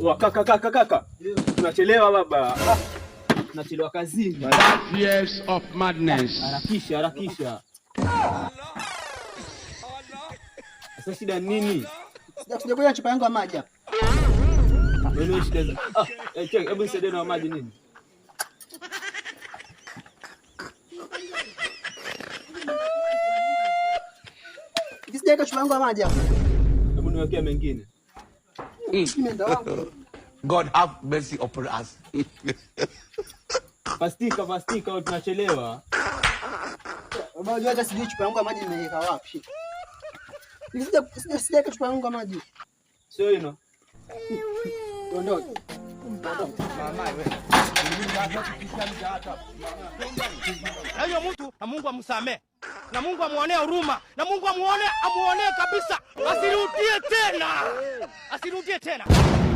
Wa kaka kaka kaka. Tunachelewa baba. Tunachelewa kazini. Years of madness. Harakisha harakisha. Sasa shida nini? Sijakuja chupa yangu ya maji hapa. Ndio shida. Ah, eh, hebu nisaidie na maji nini? Sijaweka chupa yangu ya maji hapa. Hebu niwekee mengine. Mm. God have mercy upon us. Pastika, pastika, tunachelewa. Unajua hata sijui chupa yangu ya maji nimeweka wapi. Nisija sija chupa yangu ya maji. Sio hino. Ondoka. Mama wewe. Hayo mtu na Mungu amsamee na Mungu amuonee huruma na Mungu amuonee amuonee kabisa, asirudie tena, asirudie tena.